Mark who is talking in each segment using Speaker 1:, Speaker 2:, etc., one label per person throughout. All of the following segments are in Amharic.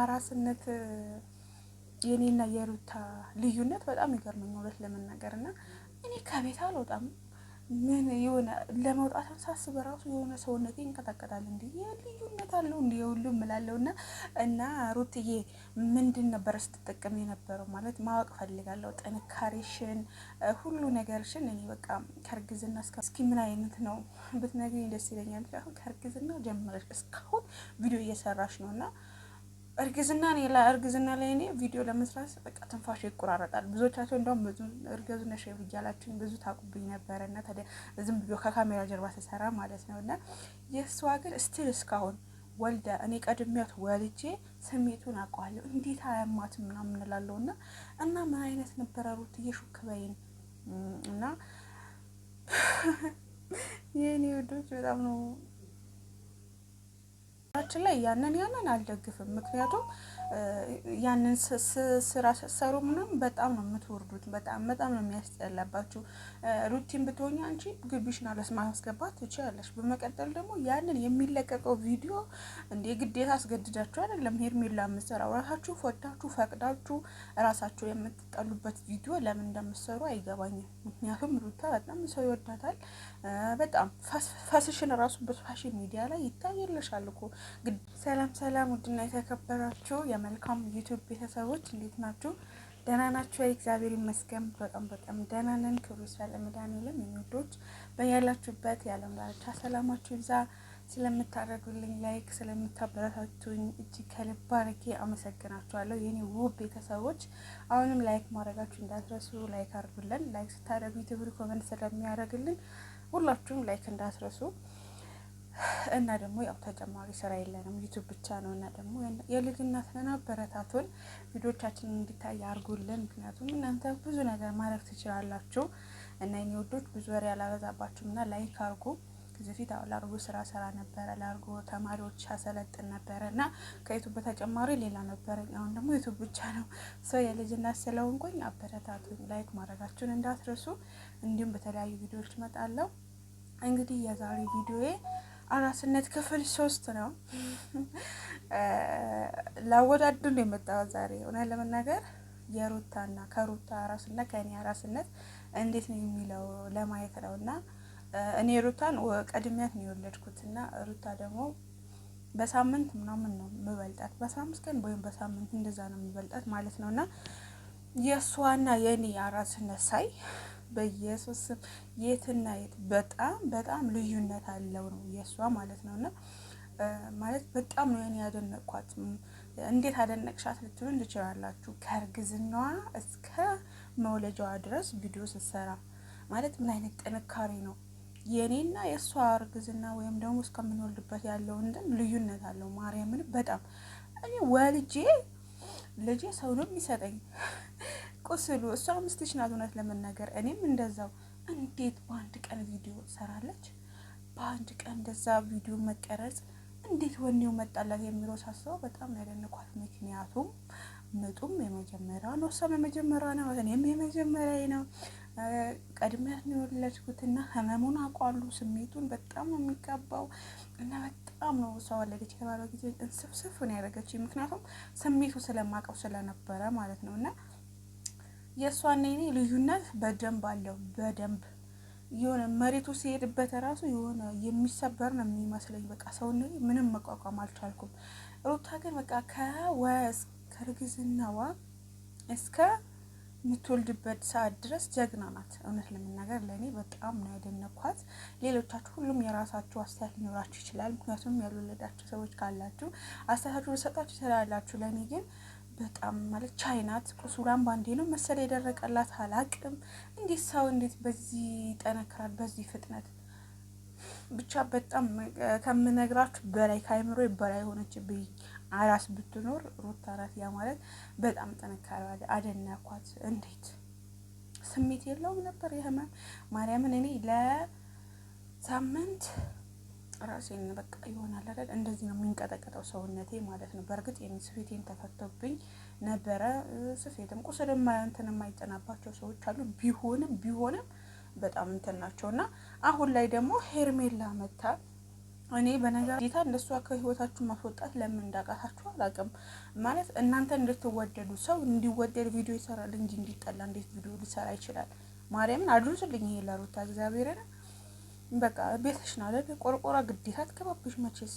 Speaker 1: አራስነት የኔና የሩታ ልዩነት በጣም ይገርመኝ እውነት ለመናገር እና እኔ ከቤት አልወጣም። ምን የሆነ ለመውጣት ሳስብ ራሱ የሆነ ሰውነቴ ይንቀጠቀጣል። እንዲ ልዩነት አለው እንዲ ሁሉ ምላለው እና እና ሩትዬ ምንድን ነበረ ስትጠቀም የነበረው ማለት ማወቅ ፈልጋለሁ። ጥንካሬሽን፣ ሁሉ ነገርሽን እኔ በቃ ከእርግዝና እስኪ ምን አይነት ነው ብትነግሪኝ ደስ ይለኛል። ከእርግዝና ጀምረሽ እስካሁን ቪዲዮ እየሰራሽ ነው እና እርግዝና እርግዝና ላይ እኔ ቪዲዮ ለመስራት በቃ ትንፋሽ ይቆራረጣል። ብዙዎቻቸው እንደውም ብዙ እርግዝና ሼፍ እያላችሁኝ ብዙ ታቁብኝ ነበረ እና ታዲያ ዝም ብሎ ከካሜራ ጀርባ ተሰራ ማለት ነው እና የእሷ ግን ስትል እስካሁን ወልዳ እኔ ቀድሚያት ወልጄ ስሜቱን አውቀዋለሁ። እንዴት አያማት ምናምን እላለሁ እና እና ምን አይነት ነበረ ሩት እየሹክበይን እና የእኔ ውዶች በጣም ነው ችን ላይ ያንን ያንን አልደግፍም። ምክንያቱም ያንን ስራ ሰሩ ምንም በጣም ነው የምትወርዱት። በጣም በጣም ነው የሚያስጠላባችሁ። ሩቲን ብትሆኝ አንቺ ግቢሽን አለስ ማስገባት ትችላለሽ። በመቀጠል ደግሞ ያንን የሚለቀቀው ቪዲዮ እንደ ግዴታ አስገድዳችሁ አይደለም ሄርሜላ የምትሰራው ራሳችሁ ፈታችሁ ፈቅዳችሁ ራሳችሁ የምትጠሉበት ቪዲዮ ለምን እንደምትሰሩ አይገባኝም። ምክንያቱም ሩታ በጣም ሰው ይወዳታል። በጣም ፈስሽን ራሱ በሶሻል ሚዲያ ላይ ይታየልሻል እኮ። ሰላም ሰላም፣ ውድና የተከበራችሁ መልካም ዩቱብ ቤተሰቦች እንዴት ናችሁ? ደህና ናችሁ? እግዚአብሔር ይመስገን በጣም በጣም ደህና ነን። ክብሩ ይስፋ ለመድኃኔዓለም። የሚወዶች በያላችሁበት የዓለም ዳርቻ ሰላማችሁ ይብዛ። ስለምታደርጉልኝ ላይክ፣ ስለምታበረታቱኝ እጅግ ከልብ አድርጌ አመሰግናችኋለሁ የኔ ውብ ቤተሰቦች። አሁንም ላይክ ማድረጋችሁ እንዳትረሱ። ላይክ አድርጉልን። ላይክ ስታደርጉ ዩቱብ ኮመንት ስለሚያደርግልን ሁላችሁም ላይክ እንዳትረሱ። እና ደግሞ ያው ተጨማሪ ስራ የለንም ዩቱብ ብቻ ነው። እና ደግሞ የልጅነት እናት ነን፣ አበረታቱን፣ ቪዲዮቻችንን እንዲታይ አድርጉልን። ምክንያቱም እናንተ ብዙ ነገር ማድረግ ትችላላችሁ። እና የኔ ውዶች ብዙ ወሬ ያላበዛባችሁም እና ላይክ አርጉ። ከዚህ በፊት ላርጎ ስራ ስራ ነበረ፣ ላርጎ ተማሪዎች ያሰለጥን ነበረ እና ከዩቱብ በተጨማሪ ሌላ ነበረ። አሁን ደግሞ ዩቱብ ብቻ ነው። ሰው የልጅነት እናት ስለሆንኩኝ አበረታቱን፣ ላይክ ማድረጋችሁን እንዳትረሱ። እንዲሁም በተለያዩ ቪዲዮዎች እመጣለሁ። እንግዲህ የዛሬ ቪዲዮዬ አራስነት ክፍል ሶስት ነው። ላወዳድር ነው የመጣው ዛሬ እውነት ለመናገር የሩታና ከሩታ አራስና ከእኔ አራስነት እንዴት ነው የሚለው ለማየት ነው። እና እኔ ሩታን ቀድሚያት ነው የወለድኩት እና ሩታ ደግሞ በሳምንት ምናምን ነው የምበልጣት በሳምንት ቀን ወይም በሳምንት እንደዛ ነው የምበልጣት ማለት ነው እና የእሷና የእኔ አራስነት ሳይ በኢየሱስ ስም የትና የት በጣም በጣም ልዩነት አለው ነው የእሷ ማለት ነው። እና ማለት በጣም ነው ያን ያደነቅኳት። እንዴት አደነቅሻት ልትሉን ትችላላችሁ። ከእርግዝናዋ እስከ መውለጃዋ ድረስ ቪዲዮ ስትሰራ ማለት ምን አይነት ጥንካሬ ነው። የእኔና የእሷ እርግዝና ወይም ደግሞ እስከምንወልድበት ያለው እንትን ልዩነት አለው። ማርያምን በጣም እኔ ወልጄ ልጄ ሰው ነው የሚሰጠኝ ቁስሉ እሷ አምስት ሺህ ናት። እውነት ለመናገር እኔም እንደዛው። እንዴት በአንድ ቀን ቪዲዮ ሰራለች? በአንድ ቀን እንደዛ ቪዲዮ መቀረጽ እንዴት ወኔው መጣላት የሚለው ሳስበው በጣም ነው ምክንያቱም ምጡም የመጀመሪያ ነው፣ እሷም የመጀመሪያ ነው፣ እኔም የመጀመሪያ ነው። ቀድሚያት ነው የወለድኩትና ህመሙን አውቋሉ። ስሜቱን በጣም ነው የሚቀባው እና በጣም ነው እሷ ወለደች የተባለው ጊዜ እንስፍስፍ ነው ያደረገች። ምክንያቱም ስሜቱ ስለማውቀው ስለነበረ ማለት ነው እና የእሷና የኔ ልዩነት በደንብ አለው። በደንብ የሆነ መሬቱ ሲሄድበት ራሱ የሆነ የሚሰበር ነው የሚመስለኝ። በቃ ሰውነቴ ምንም መቋቋም አልቻልኩም። ሩታ ግን በቃ ከወስ ከእርግዝናዋ እስከ የምትወልድበት ሰዓት ድረስ ጀግና ናት። እውነት ለመናገር ለእኔ በጣም ነው ያደነኳት። ሌሎቻችሁ ሁሉም የራሳችሁ አስተያየት ሊኖራችሁ ይችላል። ምክንያቱም ያልወለዳችሁ ሰዎች ካላችሁ አስተያየታችሁ ልሰጣችሁ ትችላላችሁ። ለእኔ ግን በጣም ማለት ቻይናት ቁስሏን ባንዴ ነው መሰል የደረቀላት አላቅም። እንዴት ሰው እንዴት በዚህ ይጠነክራል? በዚህ ፍጥነት ብቻ በጣም ከምነግራችሁ በላይ ከአይምሮ በላይ የሆነችብኝ አራስ ብትኖር ሩታ ናት። ያ ማለት በጣም ጠንካራ አደነኳት። እንዴት ስሜት የለውም ነበር የህመም ማርያምን እኔ ለሳምንት ራሴን በቃ ይሆናል አይደል እንደዚህ ነው የሚንቀጠቀጠው ሰውነቴ ማለት ነው። በእርግጥ ይህን ስፌቴን ተፈቶብኝ ነበረ። ስፌትም ቁስል እንትን የማይጠናባቸው ሰዎች አሉ። ቢሆንም ቢሆንም በጣም እንትን ናቸው እና አሁን ላይ ደግሞ ሄርሜላ መታ እኔ በነገር ጌታ እንደሷ ከህይወታችሁ ማስወጣት ለምን እንዳቃታችሁ አላውቅም። ማለት እናንተ እንድትወደዱ ሰው እንዲወደድ ቪዲዮ ይሰራል እንጂ እንዲጠላ እንዴት ቪዲዮ ሊሰራ ይችላል? ማርያምን አድርሱልኝ ይሄ ለሩታ እግዚአብሔርን በቃ ቤተሽን ነው አይደል? ቆርቆራ ግዴታ አትገባብሽ። መቼስ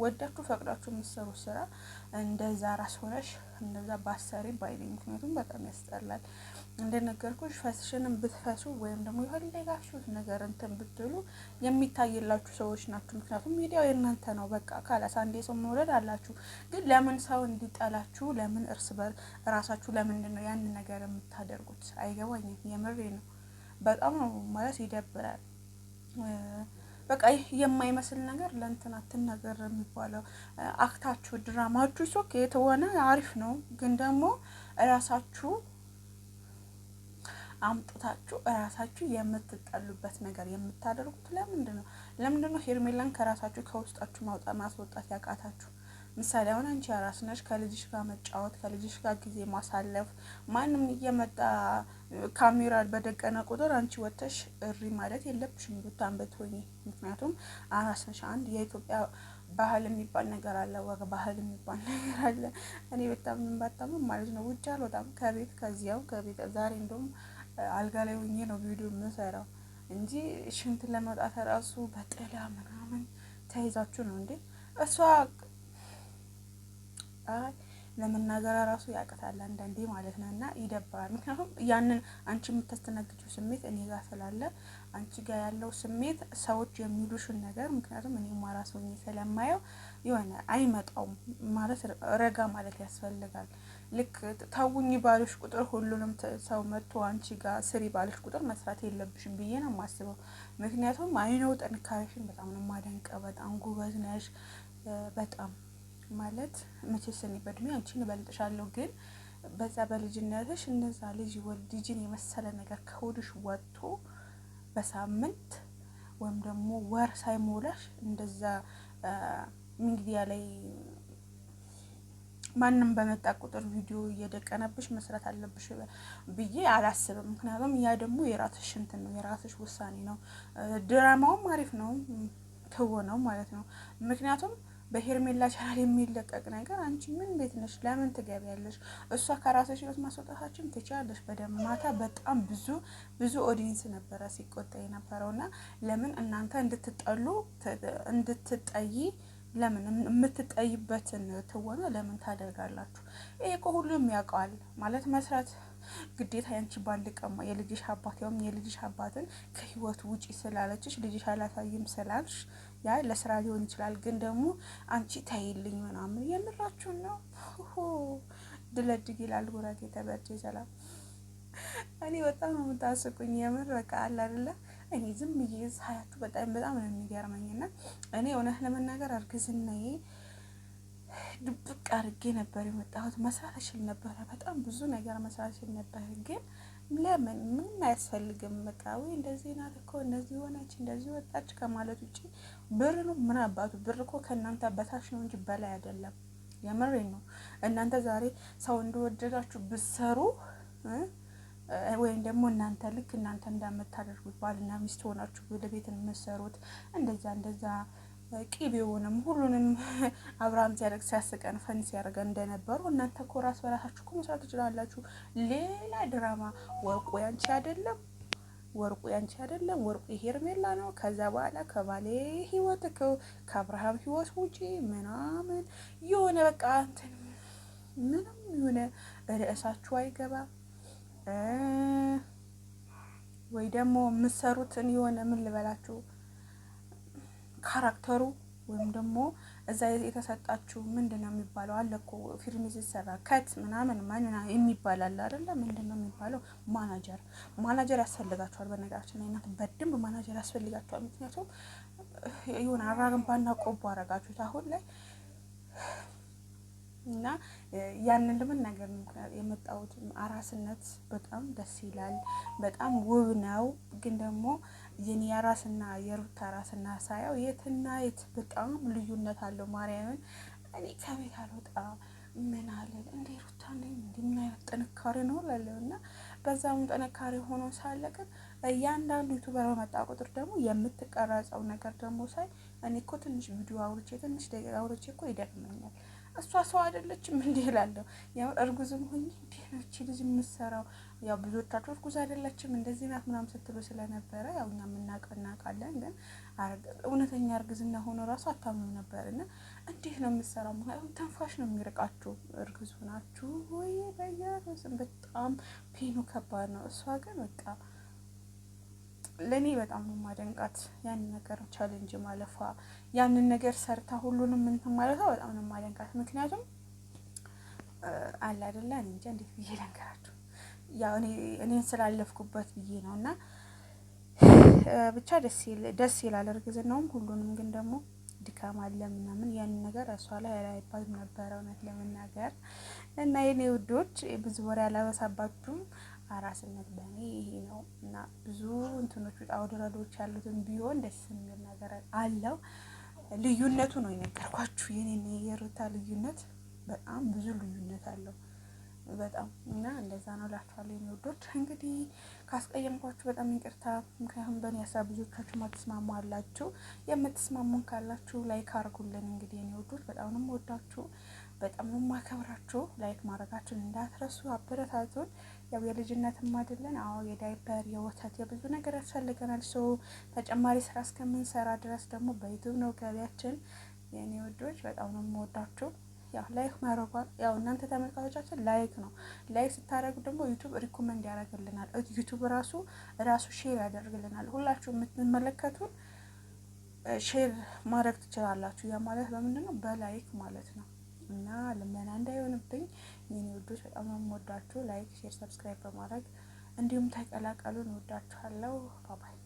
Speaker 1: ወዳችሁ ፈቅዳችሁ የምትሰሩ ስራ እንደዛ ራስ ሆነሽ እንደዛ ባሰሪ ባይኔ ምክንያቱም በጣም ያስጠላል። እንደነገርኩሽ ፈስሽንም ብትፈሱ ወይም ደግሞ የፈለጋችሁት ነገር እንትን ብትሉ የሚታይላችሁ ሰዎች ናችሁ። ምክንያቱም ሚዲያው የእናንተ ነው። በቃ ካላስ አንዴ ሰው መውለድ አላችሁ። ግን ለምን ሰው እንዲጠላችሁ ለምን እርስ በር ራሳችሁ ለምንድን ነው ያን ነገር የምታደርጉት? አይገባኝም። የምሬ ነው። በጣም ነው ማለት ይደብራል። በቃ ይህ የማይመስል ነገር ለእንትን አትናገር የሚባለው አክታችሁ ድራማችሁ ሶክ የተሆነ አሪፍ ነው፣ ግን ደግሞ እራሳችሁ አምጥታችሁ እራሳችሁ የምትጠሉበት ነገር የምታደርጉት ለምንድን ነው? ለምንድን ነው ሄርሜላን ከራሳችሁ ከውስጣችሁ ማውጣት ማስወጣት ያቃታችሁ? ምሳሌ አሁን አንቺ አራስ ነሽ። ከልጅሽ ጋር መጫወት፣ ከልጅሽ ጋር ጊዜ ማሳለፍ፣ ማንም እየመጣ ካሜራ በደቀነ ቁጥር አንቺ ወጥተሽ እሪ ማለት የለብሽም ሩታን ብትሆኚ። ምክንያቱም አራስ ነሽ። አንድ የኢትዮጵያ ባህል የሚባል ነገር አለ፣ ወግ ባህል የሚባል ነገር አለ። እኔ በጣም ንባጣም ማለት ነው ውጭ አልወጣም ከቤት ከዚያው ከቤት ዛሬ እንደውም አልጋ ላይ ሆኜ ነው ቪዲዮ የምሰራው እንጂ ሽንት ለመውጣት ራሱ በጥላ ምናምን ተይዛችሁ ነው እንዴ እሷ ለመናገር ራሱ ያቅታል አንዳንዴ ማለት ነው። እና ይደብራል። ምክንያቱም ያንን አንቺ የምታስተናግጂው ስሜት እኔ ጋር ስላለ አንቺ ጋር ያለው ስሜት ሰዎች የሚሉሽን ነገር ምክንያቱም እኔ ማራ ሰው ስለማየው የሆነ አይመጣውም ማለት ረጋ ማለት ያስፈልጋል። ልክ ታውኝ ባልሽ ቁጥር ሁሉንም ሰው መጥቶ አንቺ ጋር ስሪ ባልሽ ቁጥር መስራት የለብሽም ብዬ ነው የማስበው። ምክንያቱም አይነው ጥንካሬሽን በጣም ነው የማደንቀው። በጣም ጉበዝ ነሽ በጣም ማለት መቼስ እኔ በእድሜ አንቺን እበልጥሻለሁ፣ ግን በዛ በልጅነትሽ እነዛ ልጅ ወልድጅን የመሰለ ነገር ከሆድሽ ወጥቶ በሳምንት ወይም ደግሞ ወር ሳይሞላሽ እንደዛ ሚዲያ ላይ ማንም በመጣ ቁጥር ቪዲዮ እየደቀነብሽ መስራት አለብሽ ብዬ አላስብም። ምክንያቱም ያ ደግሞ የራስሽ እንትን ነው፣ የራስሽ ውሳኔ ነው። ድራማውም አሪፍ ነው ነው ማለት ነው። ምክንያቱም በሄርሜላ ቻናል የሚለቀቅ ነገር አንቺ ምን ቤት ነሽ? ለምን ትገቢያለሽ? እሷ ከራስሽ ህይወት ማስወጣታችን ትችላለሽ። በደም ማታ በጣም ብዙ ብዙ ኦዲየንስ ነበረ ሲቆጣ የነበረው እና ለምን እናንተ እንድትጠሉ እንድትጠይ ለምን የምትጠይበትን ትወና ለምን ታደርጋላችሁ? ይሄ እኮ ሁሉም ያውቀዋል። ማለት መስራት ግዴታ ያንቺ ባንድ ቀማ የልጅሽ አባት ያውም የልጅሽ አባትን ከህይወት ውጪ ስላለችሽ ልጅሽ አላሳይም ስላልሽ ያ ለስራ ሊሆን ይችላል። ግን ደግሞ አንቺ ተይልኝ ምናምን የምራችሁን ነው ድለድግ ይላል ጉራጌ ተበርጄ ሰላም እኔ በጣም ነው የምታስቁኝ። የምር በቃ አለ አይደለ እኔ ዝም ብዬ ሳያችሁ በጣም በጣም ነው የሚገርመኝ። እና እኔ እውነት ለመናገር እርግዝናዬ ድብቅ አድርጌ ነበር የመጣሁት። መስራት እችል ነበረ፣ በጣም ብዙ ነገር መስራት እችል ነበር ግን ለምን ምንም አያስፈልግም። በቃ ወይ እንደዚህ ናት እኮ እንደዚህ ሆነች እንደዚህ ወጣች ከማለት ውጭ ብር ነው ምን አባቱ ብር እኮ ከእናንተ በታች ነው እንጂ በላይ አይደለም። የምሬ ነው። እናንተ ዛሬ ሰው እንደወደዳችሁ ብሰሩ ወይም ደግሞ እናንተ ልክ እናንተ እንደምታደርጉት ባልና ሚስት ሆናችሁ ወደ ቤት የምሰሩት እንደዛ እንደዛ ቂቤውንም ሁሉንም አብርሃም ሲያደርግ ሲያስቀን ፈን ሲያደርገ እንደነበሩ እናንተ እኮ ራስ በራሳችሁ እኮ መስራት ትችላላችሁ። ሌላ ድራማ ወርቁ ያንቺ አይደለም፣ ወርቁ ያንቺ አይደለም፣ ወርቁ ሄርሜላ ነው። ከዛ በኋላ ከባሌ ህይወት ከአብርሃም ህይወት ውጪ ምናምን የሆነ በቃ እንትን ምንም የሆነ ርዕሳችሁ አይገባ ወይ ደግሞ የምትሰሩትን የሆነ ምን ልበላችሁ ካራክተሩ ወይም ደግሞ እዛ የተሰጣችሁ ምንድን ነው የሚባለው? አለ እኮ ፊልም ሲሰራ ከት ምናምን ማንና የሚባል አለ አይደለ? ምንድን ነው የሚባለው? ማናጀር ማናጀር ያስፈልጋቸዋል። በነገራችን ላይ እናት በደንብ ማናጀር ያስፈልጋቸዋል። ምክንያቱም የሆነ አራግን ባና ቆቦ አረጋችሁት አሁን ላይ እና ያንን ልምናገር የመጣሁት አራስነት በጣም ደስ ይላል፣ በጣም ውብ ነው ግን ደግሞ የኒያ ራስና የሩታ ራስና ሳያው የትና የት በጣም ልዩነት አለው። ማርያምን እኔ ከቤት አልወጣ ምን አለ እንደ ሩታ ነኝ ምን አይነት ጥንካሬ ነው ላለው እና በዛም ጥንካሬ ሆኖ ሳለ ግን እያንዳንዱ ዩቱበር በመጣ ቁጥር ደግሞ የምትቀረጸው ነገር ደግሞ ሳይ እኔ እኮ ትንሽ ቪዲዮ አውርቼ ትንሽ ደቂቃ አውርቼ እኮ ይደክመኛል። እሷ ሰው አይደለችም እንዲህ እላለሁ። ያው እርጉዝም ሆኝ እንዲህ ነች ልጅ የምትሰራው ያው ብዙዎቻችሁ እርጉዝ አይደለችም እንደዚህ ናት ምናምን ስትሉ ስለነበረ ያው እኛ የምናውቅ እናውቃለን፣ ግን እውነተኛ እርግዝና ሆኖ ራሱ አታምኑ ነበር እና እንዲህ ነው የምትሰራው። ምክንያቱም ተንፋሽ ነው የሚርቃችሁ እርግዙ ናችሁ ወይ በየሮዝም በጣም ፔኑ ከባድ ነው። እሷ ግን በቃ ለእኔ በጣም ነው የማደንቃት ያንን ነገር ቻሌንጅ ማለፏ ያንን ነገር ሰርታ ሁሉንም እንትን ማለቷ በጣም ነው የማደንቃት። ምክንያቱም አለ አይደለ እኔ እንጃ እንዴት ብዬ ነገራችሁ፣ ያው እኔን ስላለፍኩበት ብዬ ነው እና ብቻ ደስ ይላል እርግዝናውም ሁሉንም። ግን ደግሞ ድካም አለ ምናምን ያንን ነገር እሷ ላይ ያላይባልም ነበረ እውነት ለመናገር እና የኔ ውዶች ብዙ ወሬ አላበሳባችሁም። አራስነት በእኔ ይሄ ነው እና ብዙ እንትኖች ውጣ ውረዶች ያሉትን ቢሆን ደስ የሚል ነገር አለው። ልዩነቱ ነው የነገርኳችሁ። የኔ የሩታ ልዩነት በጣም ብዙ ልዩነት አለው በጣም እና እንደዛ ነው ላችኋለሁ። የሚወዶድ እንግዲህ ካስቀየምኳችሁ በጣም ይቅርታ። ምክንያቱም በእኔ ሀሳብ ብዙዎቻችሁ ማትስማሙ አላችሁ። የምትስማሙን ካላችሁ ላይክ አርጉልን። እንግዲህ የሚወዶድ በጣም ነው የምወዳችሁ፣ በጣም ነው የማከብራችሁ። ላይክ ማድረጋችሁን እንዳትረሱ፣ አበረታቱን። ያው የልጅነትም አይደለን። አዎ የዳይፐር የወተት የብዙ ነገር ያስፈልገናል። ሶ ተጨማሪ ስራ እስከምንሰራ ድረስ ደግሞ በዩቱብ ነው ገቢያችን። የእኔ ውዶች በጣም ነው የምወዳችሁ። ያው ላይክ ማድረጓል ያው እናንተ ተመልካቾቻችን ላይክ ነው። ላይክ ስታደርጉ ደግሞ ዩቱብ ሪኮመንድ ያደርግልናል። ዩቱብ ራሱ ራሱ ሼር ያደርግልናል። ሁላችሁ የምትመለከቱን ሼር ማድረግ ትችላላችሁ። ያ ማለት በምንድን ነው? በላይክ ማለት ነው። እና ልመና እንዳይሆንብኝ የኔ ውዶች በጣም ነው የምወዳችሁ። ላይክ፣ ሼር፣ ሰብስክራይብ በማድረግ እንዲሁም ተቀላቀሉን። ወዳችኋለሁ። ባባይ